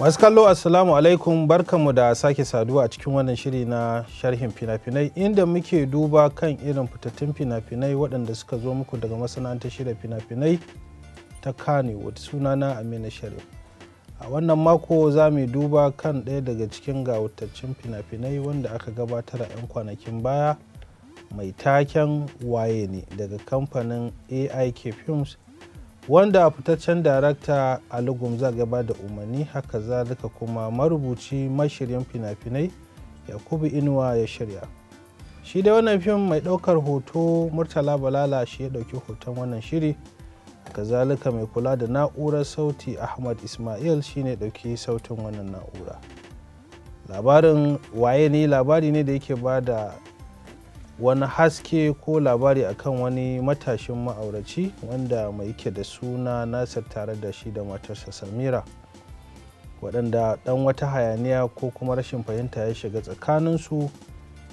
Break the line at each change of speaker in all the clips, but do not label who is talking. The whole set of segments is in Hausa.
masu kallo assalamu alaikum barkanmu da sake saduwa a cikin wannan shiri na sharhin fina-finai inda muke duba kan irin fitattun fina-finai waɗanda suka zo muku daga masana'antar shirya fina-finai ta kanewood sunana amina sharif a wannan mako za mu duba kan ɗaya daga cikin gawataccen fina-finai wanda aka gabatar a 'yan kwanakin baya mai taken waye ne daga kamfanin aik films wanda fitaccen darakta Ali Gumza gaba da umarni haka zalika kuma marubuci mashirin fina-finai Yakubu Inuwa ya shirya. Shi dai wannan fim mai ɗaukar hoto Murtala Balala shi ya ɗauki hoton wannan shiri. haka zalika mai kula da na'urar sauti Ahmad Ismail shi ne ɗauki sautin wannan na'ura. Labarin waye ne labari ne da yake ba da wani haske ko labari akan wani matashin ma'auraci wanda mai yake da suna nasir tare da shi da matarsa samira waɗanda ɗan wata hayaniya ko kuma rashin fahimta ya shiga tsakaninsu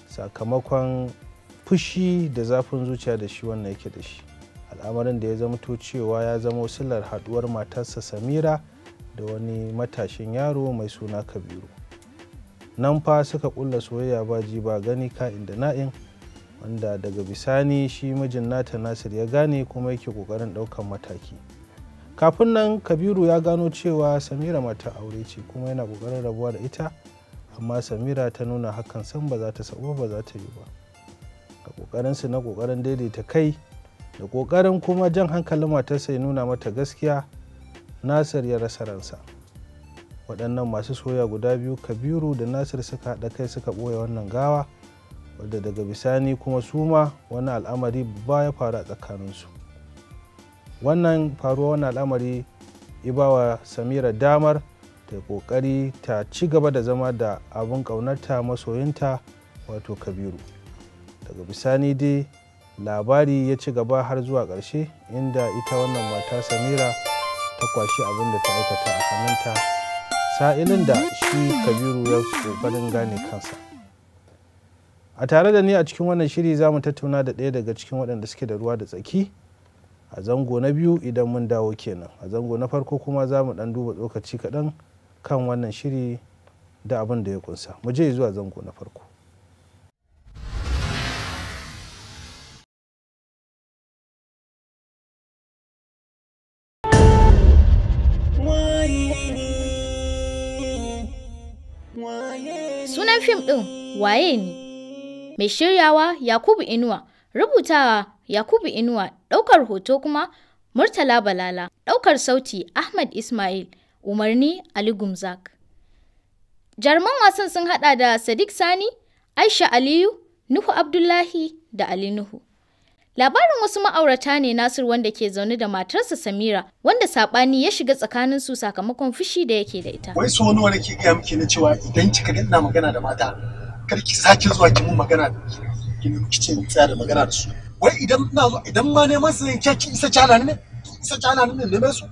sakamakon fushi da zafin zuciya da shi wannan yake da shi al'amarin da ya zama to cewa ya zama silar haduwar matarsa samira da wani matashin yaro mai suna kabiru nan fa suka ƙulla soyayya ba ji ba gani ka'in da na'in wanda daga bisani shi mijin nata nasir ya gane kuma yake kokarin daukan mataki kafin nan kabiru ya gano cewa samira mata aure ce kuma yana kokarin rabuwa da ita amma samira ta nuna hakan san ba za ta sabo ba za ta yi ba da su na kokarin daidaita kai da kokarin kuma jan hankalin matarsa ya nuna mata gaskiya nasir ya rasa ransa waɗannan masu soya guda biyu kabiru da nasir suka haɗa kai suka ɓoye wannan gawa wadda daga bisani kuma Suma wani al'amari ba ya faru a tsakaninsu wannan faruwa wani al'amari ibawa samira damar ta kokari ta ci gaba da zama da abin ƙaunarta masoyinta wato kabiru daga bisani dai labari ya ci gaba har zuwa ƙarshe inda ita wannan mata samira ta kwashi abin da ta aikata a hannunta sa'ilin da shi kabiru ya ƙoƙarin gane kansa a tare da ni a cikin wannan shiri za mu tattauna da ɗaya daga cikin waɗanda suke da ruwa da tsaki a zango na biyu idan mun dawo kenan a zango na farko kuma za mu ɗan duba lokaci kaɗan kan wannan shiri da abin da ya kunsa mu je zuwa
zango na farko sunan fim ɗin waye ne Mai shiryawa Yakubu Inuwa, rubutawa Yakubu Inuwa, ɗaukar hoto kuma Murtala Balala, ɗaukar sauti Ahmad Ismail, umarni Ali Gumzak. Jarman wasan sun haɗa da Sadiq Sani, Aisha Aliyu, Nuhu Abdullahi da Ali Nuhu. Labarin wasu ma'aurata ne Nasir wanda ke zaune da matarsa Samira wanda saɓani ya shiga tsakanin su sakamakon fushi da yake da ita. Wai so
wani ke gaya miki na cewa idan kika ga ina magana da mata kar ki zuwa ki mun magana da ki mun kice ki tsaya da magana da su wai idan ina zo idan ma neman su zan ki isa cana ne isa cana ne ba su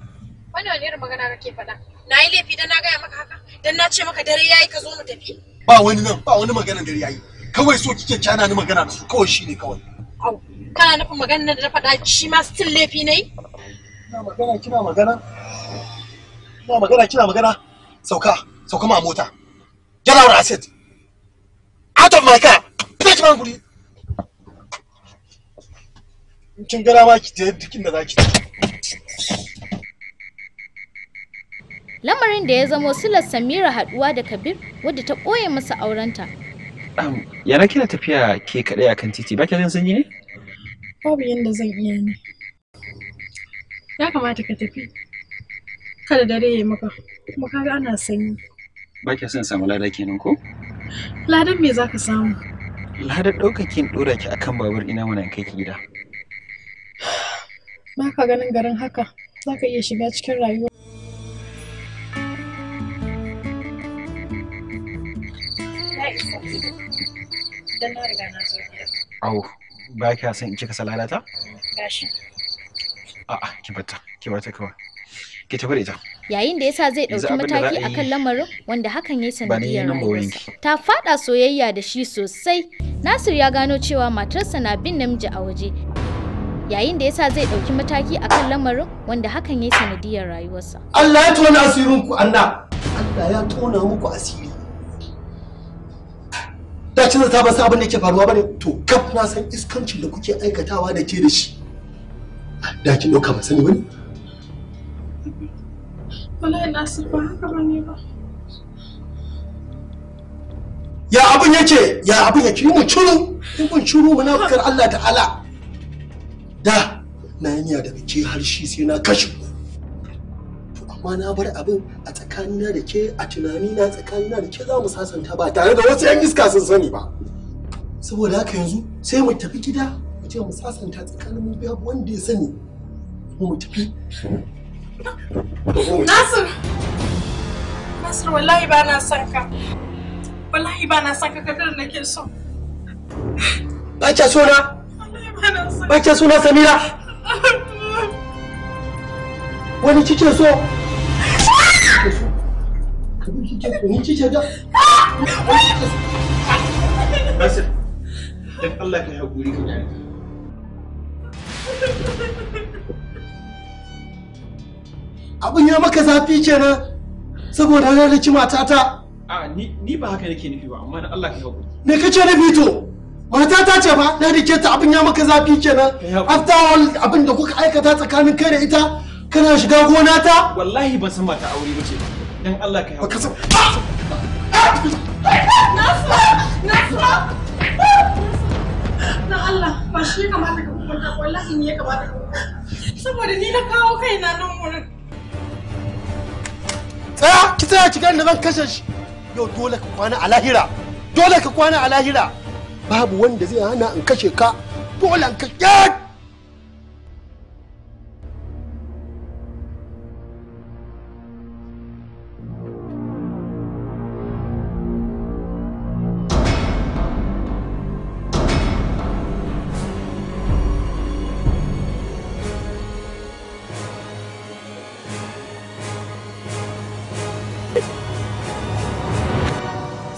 Wani wani ne magana kake faɗa na yi laifi dan na gaya maka haka dan na ce maka dare yayi ka zo mu tafi
ba wani nan ba wani magana dare yayi kawai so kike cana ni magana da su kawai shine kawai
au kana nufin magana da na faɗa shi ma still laifi ne
kina magana kina magana kina magana kina magana sauka sauka ma mota get out asset out of my car fetch man kuri. in kin gara ma ki je duk inda zaki
lamarin da ya zamo silar samira haduwa da kabir wadda ta ɓoye masa aurenta
Ya na kina tafiya ke kaɗai akan titi ba jin sanyi ne
babu yadda zan iya ne ya kamata ka tafi kada dare ya maka kuma kaga ana sanyi
ba kya son samu lada kenan ko
Ladan me zaka samu?
Ladan ɗaukakin ɗora ki akan babur ina mana in kai ki gida.
Ba ka ganin garin haka za ka iya shiga cikin rayuwa.
Au, ba kya san in cika saladata? Gashi. A'a, ki bata, ki bata kawai. ki tafi da ita
yayin da yasa zai ɗauki mataki akan lamarin wanda hakan ya sanadiyar rayuwarsa ta faɗa soyayya da shi sosai nasir ya gano cewa matarsa na bin namiji a waje yayin da yasa zai ɗauki mataki akan lamarin wanda hakan ya sanadiyar rayuwarsa
Allah ya tona asirin ku Allah Allah ya tona muku asiri da cin ta ba abin da yake faruwa bane to kaf na san iskancin da kuke aikatawa da ke da shi da kin ɗauka ba sani bane Ya abin yake, ya abin yake, yi mun curu, yi mun curu muna Allah ta'ala. Da, na yi niyya daga ke harshe sai na kashe ku. To amma na bar abin a tsakanina da ke a tunanina tsakanina da ke za mu sasanta ba tare da wasu 'yan iska sun sani ba. Saboda haka yanzu sai mu tafi gida mu je mu sasanta tsakanin mu babu wanda ya sani. Mu tafi. Nasir! Nasir wallahi ba na son ka. Wallahi ba na son ka kadar nake so. so na? Ba kya so Samira? Wani kike so? Wani Nasir, dan Allah ka haƙuri ka abin ya maka zafi kenan saboda lalaci matata a ni ba haka nake nufi ba amma da Allah ka hakuri me kace nufi to matata ce ba na rike ta abin ya maka zafi kenan after all abin da kuka aikata tsakanin kai da ita kana shiga gona ta wallahi ban san mata aure bace ba dan Allah ka hakuri Nasra Nasra na Allah ba shi ya kamata ka hukunta wallahi ne ya kamata ka hukunta saboda ni na kawo kaina nan wurin ki tsaya ki gani da zan kashe shi yau dole ka kwana a lahira dole ka kwana a lahira babu wanda zai hana in kashe ka dole in kashe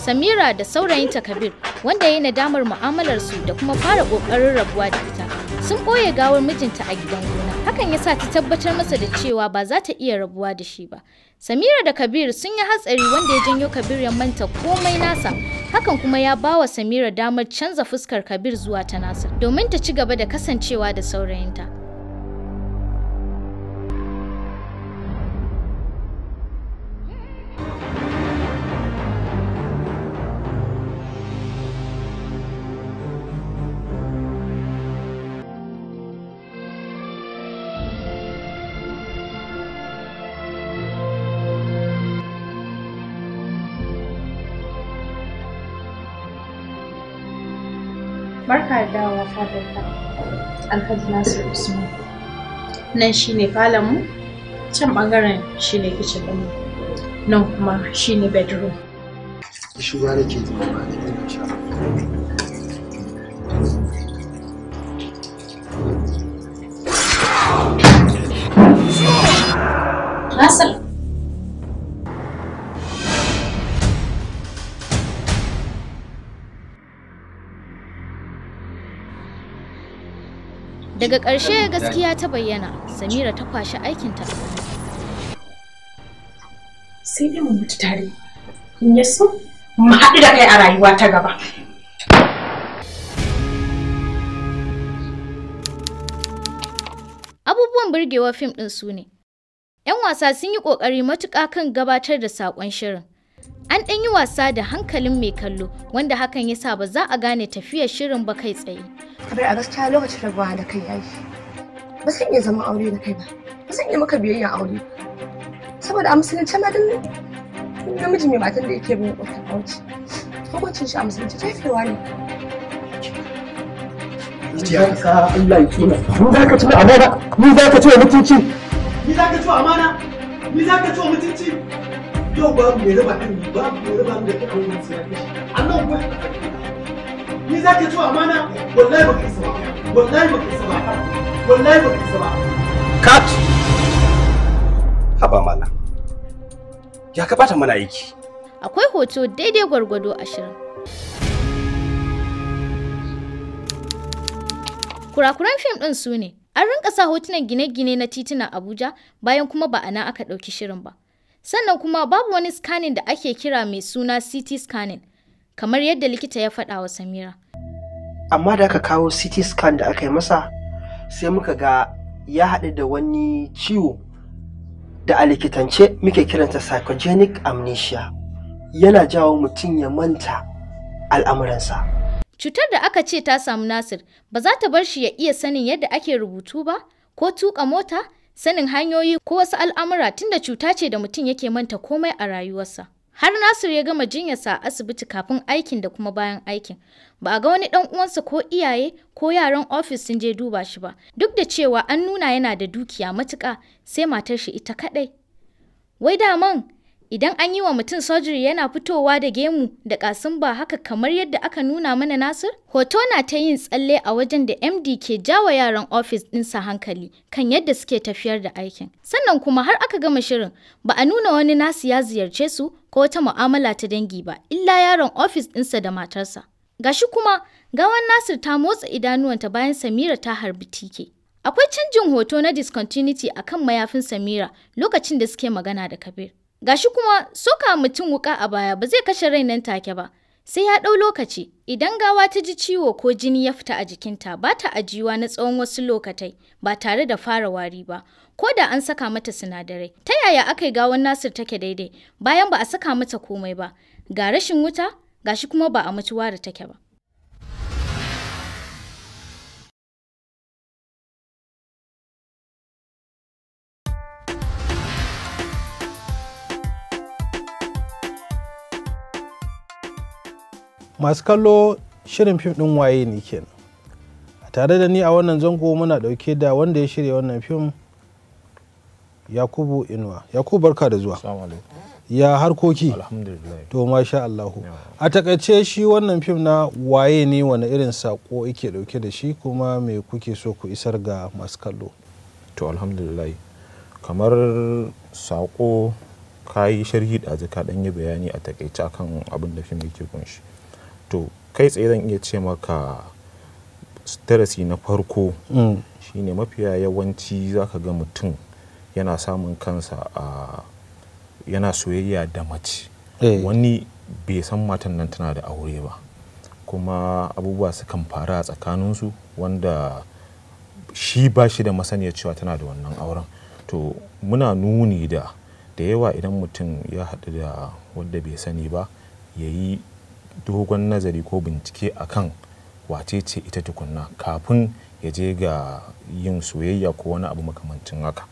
Samira da saurayinta Kabir wanda ya nadamar mu'amalarsu da kuma fara ƙoƙarin rabuwa da ita. Sun ɓoye gawar mijinta a gidan gona, hakan ya sa ta tabbatar masa da cewa ba za ta iya rabuwa da shi ba. Samira da Kabir sun yi hatsari wanda ya janyo Kabir ya manta komai nasa, hakan kuma ya bawa Samira damar canza fuskar Kabir zuwa ta nasa, domin ta ci gaba da kasancewa da saurayinta. barka da fadarka alhaji nasir usman nan shine mu can bangaren shine kicin ɗin nan kuma shine bedroom
shugaba ba da
daga ƙarshe gaskiya ta bayyana samira ta kwashi aikinta
sai dai mu mutu tare in ya so
mu haɗu da kai a
rayuwa ta gaba
abubuwan burgewa fim ɗin su ne 'yan wasa sun yi ƙoƙari matuƙa kan gabatar da saƙon shirin An ɗan yi wasa da hankalin mai kallo wanda hakan ya sa ba za a gane tafiyar shirin ba kai tsaye.
Kabir a gaskiya lokacin rabuwa da kai yayi. Ba san iya zama aure da kai ba. Ba san iya maka biyayya aure. Saboda a musulunci ma dan namiji mai matan da yake bin kwatan auci. Hukuncin shi a musulunci jefewa ne. Allah ya Ni za ka tuna amana. Ni za ka wa mutunci. Ni za ka wa amana. Ni za ka wa mutunci. yau babu mai raba kan babu mai raba da kan wannan siyasa Allah ba ni za ka ci amana wallahi ba kai sama wallahi ba kai sama wallahi ba kai sama kat haba mala ya kamata mana aiki
akwai hoto daidai gwargwado ashirin kurakuran fim ɗin su ne an rinka sa hotunan gine-gine na titunan abuja bayan kuma ba a nan aka ɗauki shirin ba Sannan kuma babu wani scanning da ake kira mai suna CT scanning, kamar yadda likita ya faɗa wa Samira.
Amma da aka kawo CT scan da aka yi masa, sai muka ga ya haɗu da wani ciwo da a likitance muke kiranta psychogenic amnesia. Yana jawo mutum ya manta al'amuransa.
Cutar da aka ce ta samu Nasir ba za ta bar shi ya iya sanin yadda ake rubutu ba, ko tuƙa mota, sanin hanyoyi ko wasu al'amura tunda cuta ce da mutum yake manta komai a rayuwarsa. Har Nasir ya gama jinyarsa a asibiti kafin aikin da kuma bayan aikin. Ba a ga wani ɗan uwansa ko iyaye ko yaran ofis sun je duba shi ba. Duk da cewa an nuna yana da dukiya matuka, sai matar shi ita kaɗai. Wai daman Idan an yi wa mutum sojiri yana fitowa da gemu da ƙasimba haka kamar yadda aka nuna mana Nasir? Hoto na ta yin tsalle a wajen da MD ke jawa yaran ofis ɗinsa hankali kan yadda suke tafiyar da aikin. Sannan kuma har aka gama shirin ba a nuna wani nasu ya ziyarce su ko wata mu'amala ta dangi ba, illa yaron ofis ɗinsa da matarsa. Gashi kuma gawan Nasir ta motsa idanuwanta bayan Samira ta harbi tike. Akwai canjin hoto na discontinuity akan mayafin Samira lokacin da suke magana da Kabir. Gashi kuma soka mutum wuka a baya ba zai kashe rai nan take ba. Sai ya ɗau lokaci, idan gawa ta ji ciwo ko jini ya fita a jikinta ba ta ajiwa na tsawon wasu lokatai ba tare da fara wari ba, ko da an saka mata sinadarai. Ta yaya aka yi gawan Nasir take daidai bayan ba a saka mata komai ba, ga rashin wuta, gashi kuma ba a mutuwa da take ba.
masu kallo shirin fim ɗin waye ne a tare da ni a wannan zango muna ɗauke da wanda ya shirya wannan fim yakubu inuwa yakubu barka da zuwa ya harkoki to masha allahu a takaice shi wannan fim na waye ne wani irin sako yake ɗauke da shi kuma me kuke so ku isar
ga masu kallo to alhamdulillah kamar sako ka yi sharhi da ɗan yi bayani a takaice akan abin da fim yake kunshi to kai tsaye zan iya ce maka darasi na farko mm. shine mafiya yawanci zaka ga mutum yana samun kansa a yana soyayya da mace eh. wani bai san matan nan tana da aure ba kuma abubuwa sukan faru a tsakaninsu wanda shi ba shi da masaniyar cewa tana da wannan auren to muna nuni da da yawa idan mutum ya haɗu da wanda bai sani ba ya yi dogon nazari ko bincike akan wace ce ita tukunna kafin ya je ga yin soyayya ko wani abu makamancin haka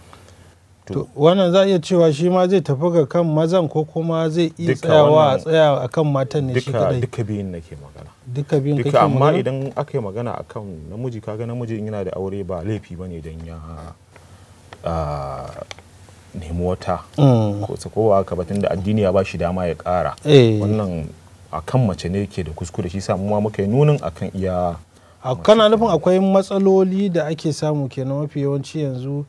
to wannan za a iya cewa shi ma zai
tafi ga kan mazan ko kuma zai iya tsayawa a tsaya
a kan matan ne shi kadai duka biyun nake magana duka biyun kake magana amma idan aka yi magana kan namiji kaga namiji yana da aure ba laifi ne don ya nemi wata mm. ko tsakowa haka batun da addini ya ba shi dama ya kara eh. wannan akan mace ne yake da kuskure shi sa mu ma muka yi nunin akan iya kana nufin akwai matsaloli da ake samu
kenan mafi yawanci yanzu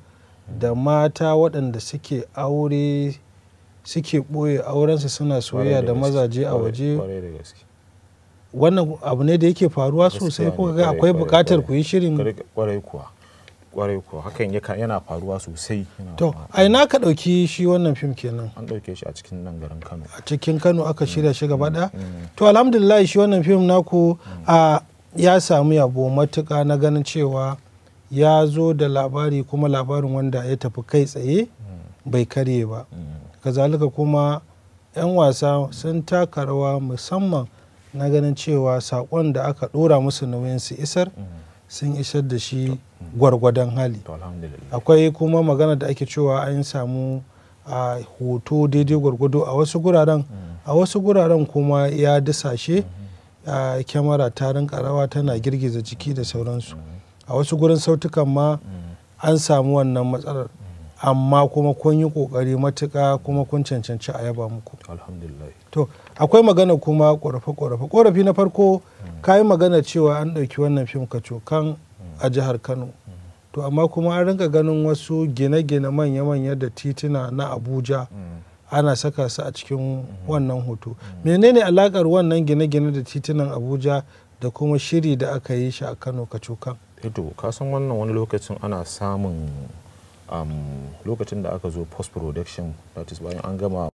da mata waɗanda suke aure suke ɓoye aurensu suna soyayya da mazaje a waje wannan abu ne da yake faruwa sosai ko ga akwai buƙatar ku yi shirin
kwarai kuwa kwarai ko hakan yana faruwa sosai to
a ina ka dauki shi wannan fim kenan
an dauke shi a cikin nan garin Kano
a cikin Kano aka mm, shirya shi gaba da mm, mm. to alhamdulillah shi wannan fim naku a ya samu yabo matuka na ganin cewa ya zo da labari kuma labarin wanda ya tafi kai tsaye bai karye ba kazalika kuma 'yan wasa sun taka rawa musamman na ganin cewa sakon da aka ɗora musu nauyin su isar sun isar da shi gwargwadon hali akwai kuma magana da ake cewa an samu a hoto daidai gwargwado a wasu guraren a wasu guraren kuma ya dasashe a kyamara tarin karawa tana girgiza jiki da sauransu a wasu gurin sautukan ma an samu wannan matsalar amma kuma kun yi kokari matuka kuma kun cancanci a yaba muku to akwai magana kuma ƙorafe-ƙorafe ƙorafi na farko ka magana cewa an ɗauki wannan fim kacokan a jihar kano to amma kuma an rinka ganin wasu gine-gine manya-manya da tituna na abuja ana saka su a cikin wannan hoto menene alakar wannan gine-gine da titunan abuja da kuma shiri da aka yi shi a kano kacokan
edo eh kasan wannan wani lokacin ana samun lokacin da aka zo post production that is bayan an gama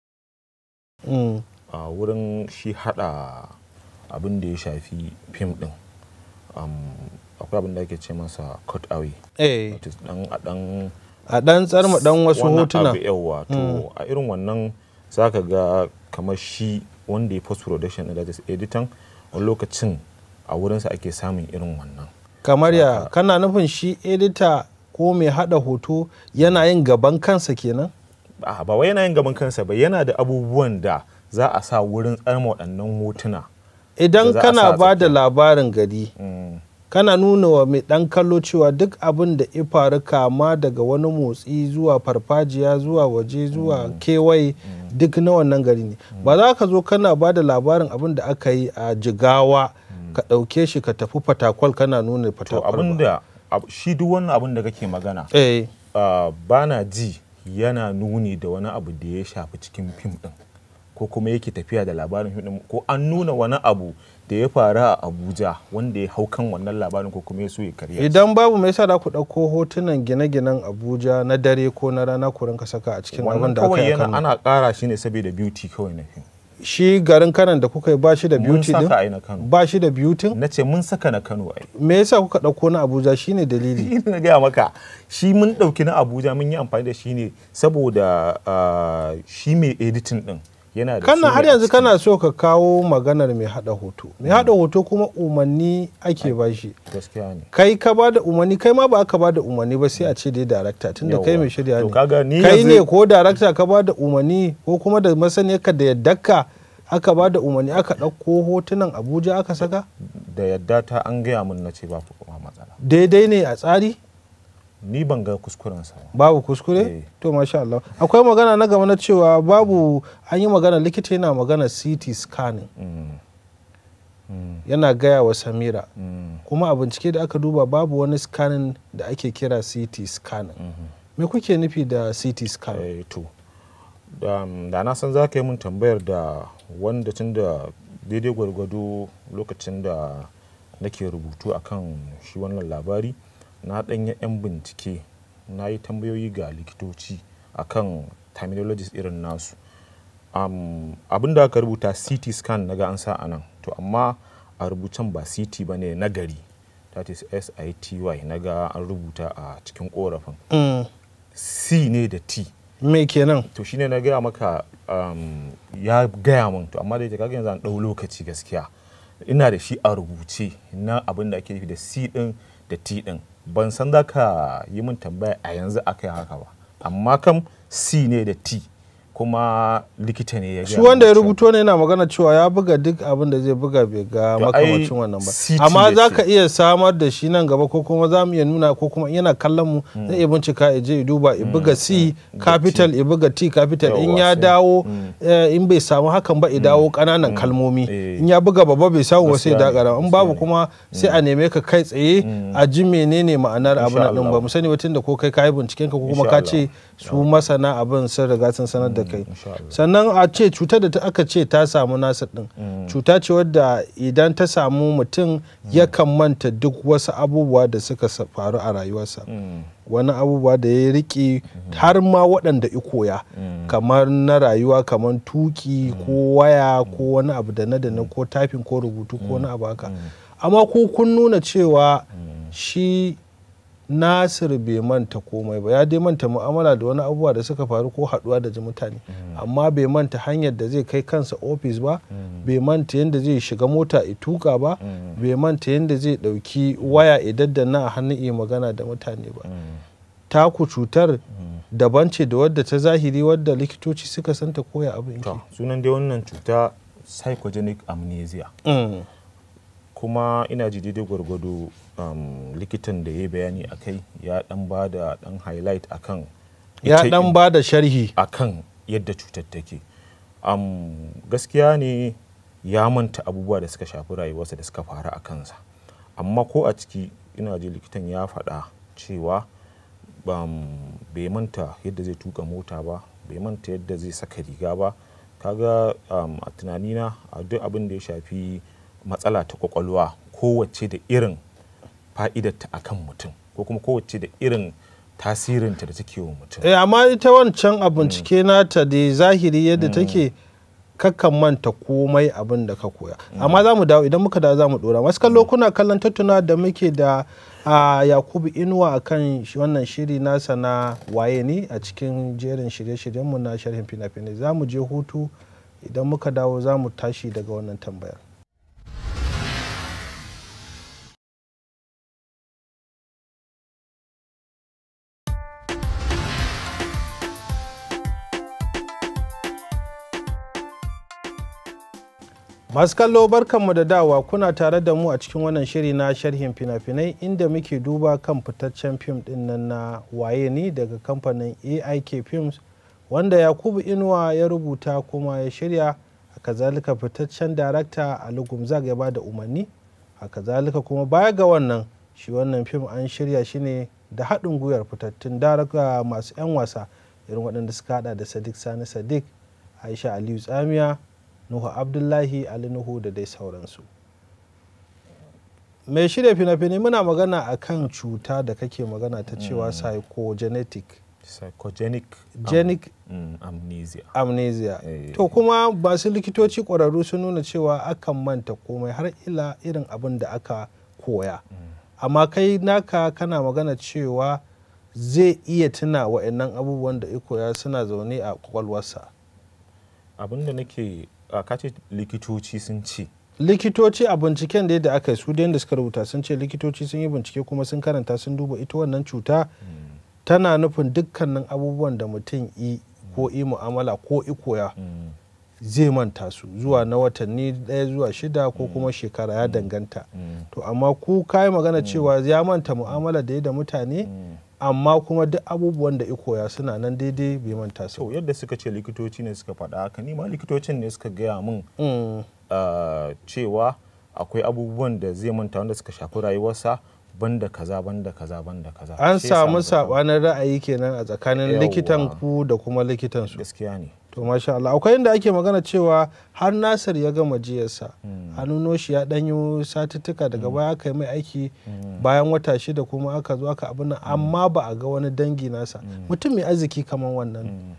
mm. a wurin shi hada abin da ya shafi fim din akwai abin da ake ce masa cut away eh. a dan tsar mu dan wasu hotuna yawa to hmm. a irin wannan zaka ga kamar shi wanda ya post production da is editan wani lokacin a wurinsa ake samun irin wannan
kamar ya kana nufin shi edita
ko mai hada hoto yana yin gaban kansa kenan ba wai yana yin gaban kansa ba yana da abubuwan da za a sa wurin tsarma waɗannan hotuna idan kana ba
da labarin gari mm. kana nuna wa mai ɗan kallo cewa duk abin da ya faru kama daga wani motsi zuwa farfajiya zuwa waje zuwa mm. kewaye mm. duk na wannan gari ne ba za ka zo kana ba da labarin abin da aka yi a jigawa
ka ɗauke shi ka tafi fatakwal kana nuna fatakwal ba. shi duk wannan abin da kake magana eh. ah, bana ji yana nuni da wani abu da ya shafi cikin fim din. ko kuma yake tafiya da labarin hudu ko an nuna wani abu da ya faru a abuja wanda ya hau kan wannan labarin ko kuma ya so ya karya idan
babu mai sa ku ɗauko hotunan gine-ginen abuja na dare ko na rana ku rinka saka a cikin abin da aka yi kawai ana
ƙara shi ne saboda beauty kawai na
shi garin kanan da kuka yi ba shi da beauty din
ba shi da beauty na ce mun saka na kano ai
me yasa kuka dauko na abuja shi ne dalili
ina na gaya maka shi mun dauki na abuja mun yi amfani da shi ne saboda ah, shi mai editing din yana da kana har yanzu kana
so ka kawo maganar mai hada hoto mai hada hoto kuma umarni ake bashi gaskiya ne kai ka ba da umarni kai ma ba ka ba da umarni ba sai a ce dai darakta tunda kai mai shirya ne kai ne ko darakta ka ba da umarni ko kuma da masaniyarka da yaddaka aka ba da umarni aka ɗauko hotunan abuja aka saka da yadda ta an gaya mun na ce ba matsala daidai ne a tsari ni ban ga kuskuren sa babu kuskure eh. to masha Allah akwai magana na gama na cewa babu an yi magana likita yana magana CT scanning mm. mm. yana gaya wa Samira mm. kuma a bincike da aka duba babu wani scanning da ake kira
CT scanning mm-hmm. me kuke nufi da CT scanning eh, to um, da na san zaka yi mun tambayar da wanda tunda daidai gwargwado lokacin da nake rubutu akan shi wannan labari na ɗanyen yan bincike na yi tambayoyi ga likitoci akan terminologies irin nasu um, abin da aka rubuta ct scan na ga an sa anan to amma a rubucen ba ct ba ne na gari that is sity na ga an rubuta a cikin korafin mm. c ne da t me kenan to shine na gaya maka ya gaya min to amma da kaga yanzu an ɗau lokaci gaskiya ina da shi a rubuce na abin da ake nufi da c din da t din ban san za ka yi min tambaya a yanzu akai haka ba amma kam c ne da t kuma likita ne ya shi wanda ya
rubuto ne yana magana cewa ya buga duk abin da zai buga bai ga makamacin wannan ba amma za ka iya samar da shi nan gaba ko kuma za mu iya nuna ko kuma yana kallon mu mm. zai iya bincika ya je ya duba ya mm. buga c mm. capital ya buga t capital in ya dawo eh, in bai samu hakan ba ya dawo kananan kalmomi eh. in ya buga babba bai samu ba sai da in babu kuma sai a neme ka kai tsaye a ji menene ma'anar abin nan ba mu sani batun da ko kai ka yi binciken ka ko kuma ka ce su masana abin sun riga sun sanar da mm, kai sannan a ce cutar da aka ce ta samu nasa din mm. cuta ce wadda idan ta samu mutum mm. yakan manta duk wasu abubuwa da suka faru a rayuwarsa wani abubuwa da ya riƙe har ma waɗanda ikoya koya kamar na rayuwa kamar tuki ko waya ko wani abu da na da na ko tafin ko rubutu ko wani abu haka amma ko kun nuna cewa shi nasir bai manta komai ba ya dai manta mu'amala da wani abubuwa da suka faru ko haduwa da mutane mm. amma bai manta hanyar da zai kai kansa ofis ba mm. bai manta yadda zai shiga mota i tuka ba mm. bai manta yadda zai dauki waya idan daddana a hannun iya magana da mutane ba ta ku cutar daban ce da wadda ta zahiri wadda likitoci suka santa koya abin
sunan dai wannan cuta psychogenic amnesia kuma ina ji daidai gwargwado Um, likitan da ya bayani a kai ya dan ba da dan highlight a kan ya dan ba da sharhi a kan yadda cutar take um, gaskiya ne ya manta abubuwa da suka shafi rayuwarsa da suka faru a kansa amma ko a ciki ina ji likitan ya faɗa cewa um, bai manta yadda zai tuka mota ba bai manta yadda zai saka riga ba kaga um, a tunanina a duk abin da ya shafi matsala ta kwakwalwa kowace da irin fa'idarta a kan mutum ko kuma kowace da irin tasirinta da take wa mutum.
Eh, amma ita wancan a bincike mm. nata da zahiri yadda mm. take kakan manta komai abin da ka koya. Mm. Amma za mu dawo idan muka da za mu dora. Wasu kallo kuna kallon tattuna da muke da a Yakubu Inuwa akan wannan shiri nasa na waye ne a cikin jerin shirye-shiryenmu na sharhin fina-finai. Za mu je hutu idan muka dawo za mu tashi daga wannan tambayar. masu kallo barkanmu da dawa kuna tare da mu a cikin wannan shiri na sharhin fina-finai inda muke duba kan fitaccen fim din na waye ni daga kamfanin aik films wanda yakubu inuwa ya rubuta kuma ya shirya a kazalika fitaccen darakta a lugumzag ya ba da umarni a kazalika kuma baya ga wannan shi wannan fim an shirya shi ne da haɗin gwiwar fitattun darakta masu 'yan wasa irin waɗanda suka hada da sadik sani sadiq aisha aliyu tsamiya nuhu abdullahi ali nuhu da dai sauransu mai shirya fina-finai muna magana a kan cuta da kake magana ta cewa psychogenetic mm. psychogenic genic mm, amnesia, amnesia. Eh. to kuma ba su likitoci ƙwararru sun nuna cewa akan manta komai har ila irin abin da aka koya mm. amma kai naka kana magana cewa zai iya tuna wa'annan abubuwan da ya suna zaune a kwakwalwarsa
abin da nake Ah, ka ce likitoci sun ce
likitoci a binciken da yadda aka yi su da suka rubuta sun ce likitoci sun yi bincike kuma sun karanta sun duba ita wannan cuta hmm. tana nufin dukkanin abubuwan da mutum yi ko yi mu'amala ko i koya hmm. zai manta su zuwa na watanni daya zuwa shida ko hmm. kuma shekara ya danganta to amma ku kayi magana cewa ya manta mu'amala da ya da mutane
amma kuma duk abubuwan da ikoya suna nan daidai bai manta su yadda suka ce likitoci ne suka faɗa haka ni ma likitocin ne suka gaya min mm. cewa akwai abubuwan da zai manta wanda suka shafi rayuwarsa banda kaza banda kaza banda kaza an samu
sabanin ra'ayi kenan a tsakanin likitan ku da kuma likitan su gaskiya ne to masha Allah akwai inda ake magana cewa har Nasir ya gama jiyarsa hmm. hannuno shi ya danyo satuttuka daga hmm. baya aka yi mai aiki hmm. bayan wata shida kuma aka zo aka abin amma ba a ga wani dangi nasa mutum mai arziki kamar wannan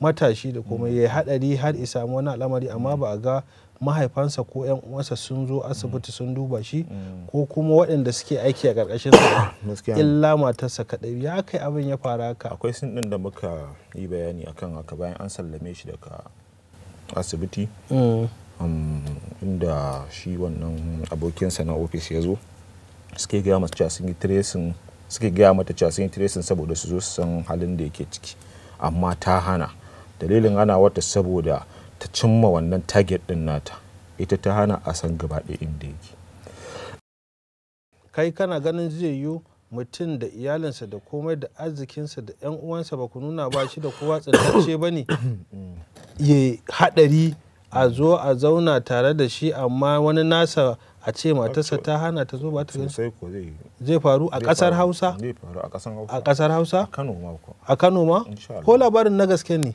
matashi da kuma mm. ya haɗari har isa samu wani al'amari amma ba a ga mahaifansa ko yan uwansa sun zo asibiti sun duba shi mm. ko kuma waɗanda suke aiki a ƙarƙashin
sa
illa matarsa kaɗai
ya kai abin ya fara haka akwai sun ɗin da muka yi bayani akan haka bayan an sallame shi daga asibiti mm. inda shi wannan abokinsa na ofis ya zo suke gaya mata cewa sun yi suke gaya mata cewa sun yi saboda su zo su san halin da yake ciki amma ta hana dalilin ana wata saboda ta cimma wannan target din nata ita ta hana a san gaba inda yake
kai kana ganin zai yi mutum da iyalinsa da komai da arzikinsa da 'yan uwansa ba ku nuna ba shi da kowa tsantacce ba ne ya haɗari a zo a zauna tare da shi amma wani nasa a ce matarsa ta hana ta zo ba ta gani zai faru a kasar
hausa a
ƙasar hausa a kano ma ko labarin na gaske ne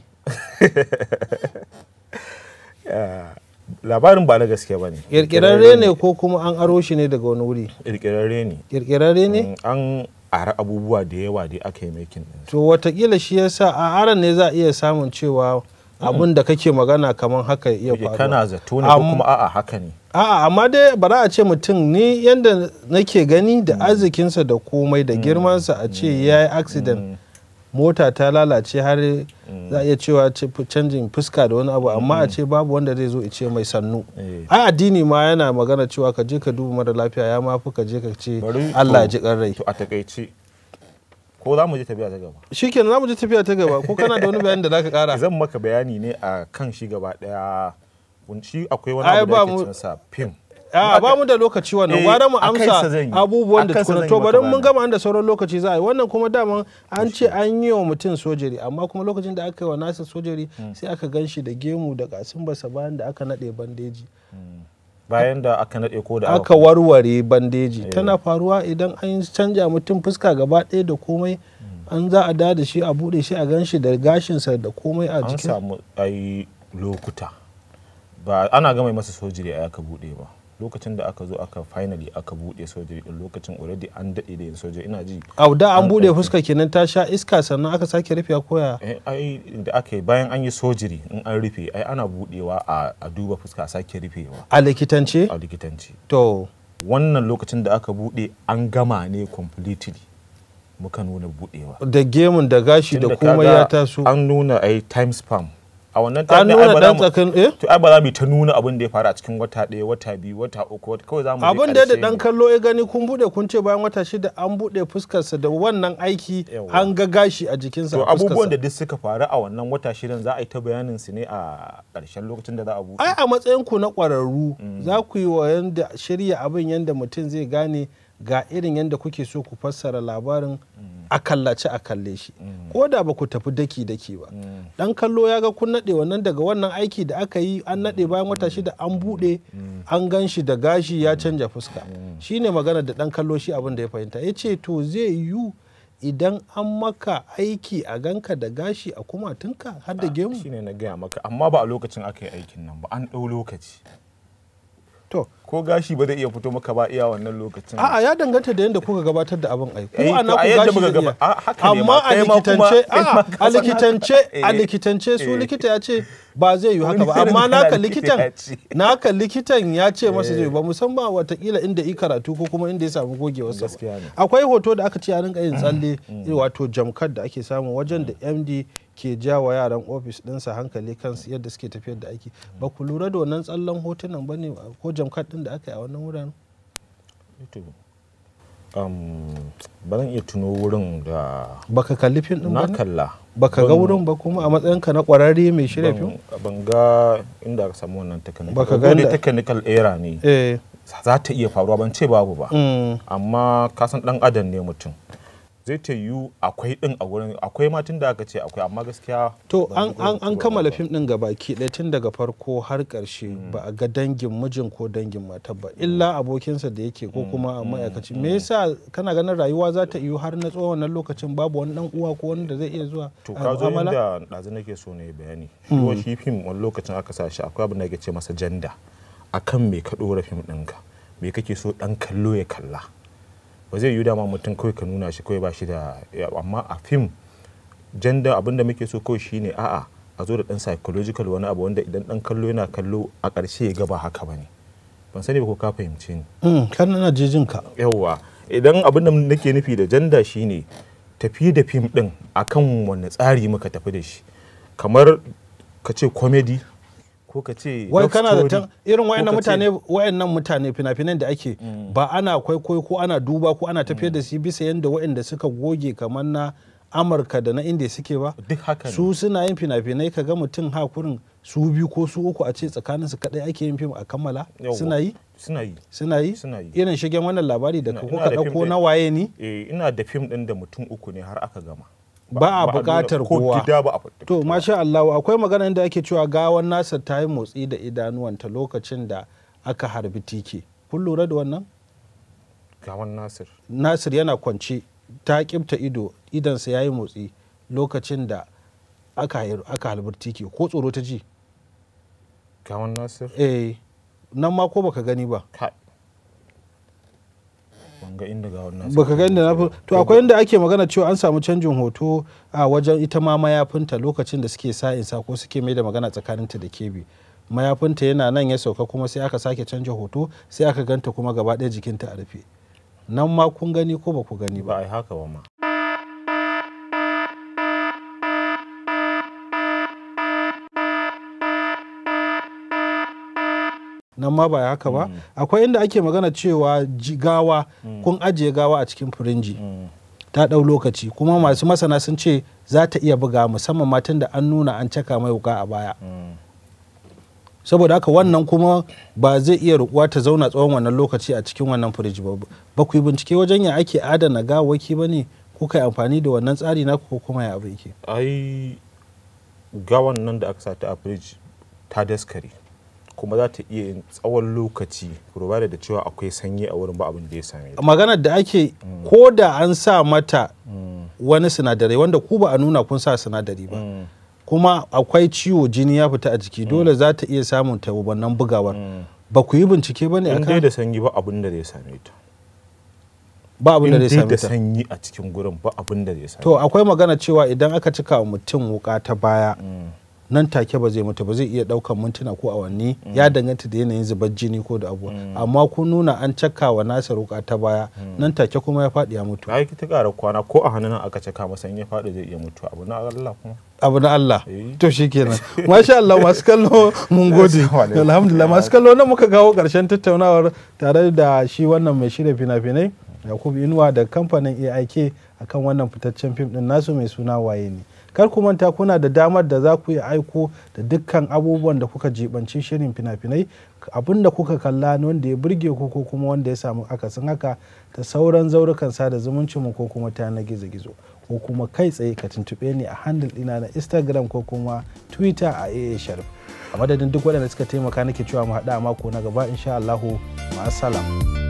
labarin ba na gaske ba ne ƙirƙirarre ne ko kuma an aro shi ne daga wani wuri ƙirƙirarre ne ƙirƙirarre ne mm, an ara abubuwa da yawa da aka yi makin
to watakila shi yasa a aran ne za a iya samun cewa mm. abin da kake magana kamar haka iya faruwa kana zato ne ko kuma
a'a haka ne
a'a amma dai bara a ce mutum ni yanda nake gani da mm. arzikinsa da komai da girmansa a ce ya yi accident mota ta lalace har mm. za a iya cewa canjin fuska da wani abu amma a mm. ce babu wanda zai zo ce mai sannu eh. ai addini ma yana magana cewa ka je ka duba mara lafiya ya ma fi ka je ka ce Allah ya ji
kan rai a takaice ko za mu je tafiya ta gaba
shikenan za mu je tafiya ta gaba ko kana da wani
bayani da zaka kara zan maka bayani ne a kan shi gaba daya shi akwai wani abu da ake cin sa Ah, a ba mu da lokaci wannan eh, gwada mu amsa abubuwan da tukuna to bari mun
gama da sauran lokaci za a yi wannan kuma daman an ce an yi wa mutum sojari amma kuma lokacin da aka yi wa nasa sojari hmm. sai aka gan shi da gemu da kasin basa bayan da aka naɗe bandeji
hmm. bayan da aka naɗe ko da aka
warware bandeji eh. tana faruwa idan
an canja mutum fuska gaba ɗaya da komai
hmm. an za a da da shi a buɗe shi a gan shi da gashinsa da komai a jikin an samu
ai lokuta ba ana gama masa sojiri a aka buɗe ba lokacin da aka zo aka finally aka bude sojoji din lokacin already an dade da yin sojoji ina ji a da an bude fuska
kenan ta sha iska sannan aka sake rufe a koya
eh, ai da aka bayan an yi sojiri in an rufe ai ana budewa a duba fuska a sake rufewa a likitance a likitance to wannan lokacin da aka bude an gama ne completely muka nuna budewa da gemun da gashi da komai ya taso an nuna ai time spam a wannan ta nuna ai tsakin eh to ai ba za mu ta nuna abin da ya faru a cikin wata ɗaya wata biyu wata uku kawai za mu abin da da dan
kallo ya gani kun bude kun ce bayan wata shida an bude fuskarsa da wannan aiki an ga gashi a jikinsa to abubuwan da
duk suka faru a wannan wata shidan za a yi ta bayanin su ne a karshen lokacin da za a bude
ai a matsayin ku na kwararru mm. za ku yi wa yanda shirya abin yanda mutum zai gane ga irin yadda kuke so ku fassara labarin mm. a kallace a kalle shi mm. ko da ba ku tafi daki daki ba mm. dan kallo ya ga kun nade wannan daga wannan aiki da aka yi an nade bayan wata shida an bude an gan shi da gashi ya canja fuska shine magana da dan kallo shi abin da ya fahimta ya ce to zai yiwu idan
an maka aiki a ganka da gashi a kumatunka har da ah, gemu shine na gaya maka amma ba a lokacin aka yi aikin nan ba an ɗau lokaci to ko gashi ba zai iya fito maka ba iya wannan lokacin a'a
ya danganta da yadda kuka gabatar da abin ai ko eh, ana ku gashi zai iya amma a likitance a likitance a eh. likitance su eh. likita ya ce ba zai yi haka ba amma naka likitan naka likitan ya ce masa zai ba musamman watakila inda i karatu ko kuma inda ya samu ne. akwai hoto da aka ce a rinka yin tsalle mm, mm, mm. wato jamkar da ake samu wajen da md ke ja wa yaran ofis ɗinsa hankali kansu yadda suke tafiyar da aiki ba ku lura da wannan tsallan hotunan ba ne ko jamkar karatun da aka yi a wannan wurin
um, ba zan iya tuno wurin da baka kalli fim din ba na kalla baka ga wurin ba kuma a matsayin ka na
kwararre mai shirya fim
ban ga inda aka samu wannan technical baka ga inda technical era ne eh. za ta iya faruwa ban ce babu ba mm. amma ka san dan adam ne mutum zai ta yiwu akwai din a wurin akwai ma tun da aka ce akwai amma gaskiya
to an kammala fim din gaba ki ɗaya tun daga farko har ƙarshe mm. ba a ga dangin mijin ko dangin mata ba illa mm. abokinsa da yake ko mm, kuma a ma'aikaci me yasa kana ganin rayuwa za ta yiwu har na tsawon wannan lokacin babu wani dan uwa ko wani da zai iya zuwa to ka zo inda
ɗazu nake so ne bayani shi fim wani lokacin aka sa shi akwai abin da ake ce masa janda akan me ka ɗora fim ɗinka me kake so ɗan kallo ya kalla ba zai yi dama mutum kawai ka nuna shi kawai ba shi da amma a fim janda abinda muke so kawai shine a'a a zo da dan psychological wani abu wanda idan dan kallo yana kallo a ƙarshe ya ga ba haka bane ban sani ba ko ka fahimce ni mm, kan na jijin ka yawa idan abinda nake nufi da janda shine tafi da fim din akan wani tsari muka tafi da shi kamar ka ce comedy ko ka ce wai kana da tan irin wayannan mutane
wayannan mutane fina-finan da ake mm. ba ana kwaikwayo ko ana duba ko ana tafiyar da su bisa yanda wayanda suka goge kamar na amurka da na india suke ba duk haka su suna yin fina-finai ka ga mutum hakurin su biyu ko su uku a ce tsakanin su kadai ake yin fim a kammala suna yi suna yi
suna yi irin shigen wannan labari da kuka dauko na waye ni eh ina da fim din da mutum uku ne har aka gama ba a bukatar kowa
to masha Allah akwai magana da ake cewa gawan nasa ta yi motsi da idanuwanta lokacin da aka harbi tike kun lura da wannan gawan nasir nasir yana kwance ta kibta ido idansa ya yi motsi lokacin da aka harbi tike ko tsoro ta ji gawan nasir eh nan ma ko baka gani ba
ga inda ga wannan baka ga
inda na to akwai inda ake magana cewa an samu canjin hoto a wajen ita ma mayafinta lokacin da suke sa insa ko suke mai da magana tsakaninta da kebi mayafinta yana nan ya sauka kuma sai aka sake canja hoto sai aka ganta kuma gaba ɗaya jikinta a rufe nan ma kun gani ko ba ku gani ba ai haka ba ma nan ma ba haka ba mm. akwai inda ake magana cewa gawa mm. kun ajiye gawa a cikin firinji mm. ta ɗau lokaci kuma masu masana sun ce za ta iya buga musamman matan da an nuna an caka mai wuka a baya saboda haka wannan kuma ba zai iya rukuwa ta zauna tsawon wannan lokaci a cikin wannan firiji ba ba ku bincike wajen ya ake adana gawaki ba ne kuka kai amfani da wannan
tsari na ko kuma ya abu yake ai gawan nan da aka sata a firiji ta daskare kuma za ta iya yin tsawon lokaci provided da cewa akwai sanyi a wurin ba abin da ya same
ta maganar da ake mm. ko da an sa mata mm. wani sinadarai wanda ku ba a nuna kun sa sinadari ba mm. kuma akwai ciwo jini ya fita a jiki dole za ta iya samun ta wannan bugawar ba ku yi bincike ba ne a dai da
sanyi ba abin da ya same ta ba abin da ya same ta sanyi a cikin gurin ba abin da ya same to
akwai magana cewa idan aka cika mutum wuka ta baya mm. nan take ba zai mutu ba zai iya daukan mintuna ko awanni ya mm. danganta da yanayin zubar jini ko da abuwa mm. amma kun nuna an cakka wa nasa ruka ta baya mm. nan take kuma ya faɗi ya mutu ai ta
ƙara kwana ko a hannun aka caka masa in ya faɗi zai iya mutu abu na Allah kuma
abu na Allah eh. to shikenan masha Allah masu kallo mun gode alhamdulillah masu kallo nan muka kawo karshen tattaunawar tare da shi wannan mai shirya fina-finai Yakubu Inuwa da kamfanin AIK akan wannan fitaccen fim din nasu mai suna waye ne kar ku manta kuna da damar da za ku iya aiko da dukkan abubuwan da kuka jibanci shirin fina-finai abin da kuka kalla wanda ya burge ku ko kuma wanda ya samu akasin haka ta sauran zaurukan sada zumuncin mu ko kuma ta na gizo-gizo ko kuma kai tsaye ka tuntuɓe ni a handle ɗina na instagram ko kuma twitter a aa sharif a madadin duk waɗanda suka taimaka nake cewa mu haɗa mako na gaba insha allahu ma'asalam.